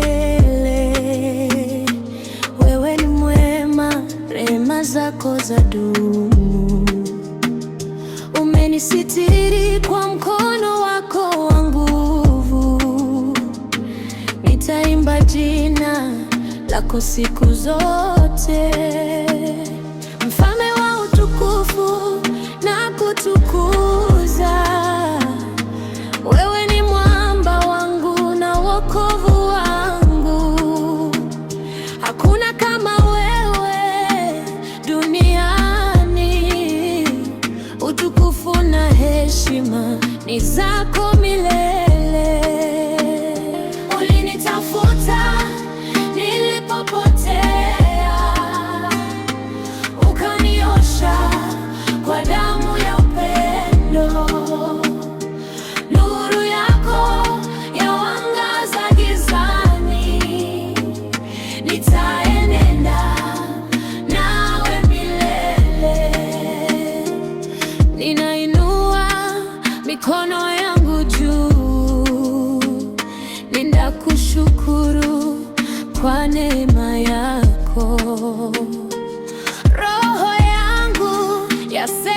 milele. Wewe ni mwema, rehema zako dumu Umenisitiri kwa mkono wako wa nguvu, nitaimba jina lako siku zote. hakuna kama wewe duniani, utukufu na heshima ni zako milele. mikono yangu juu, kushukuru kwa neema yako, roho yangu ya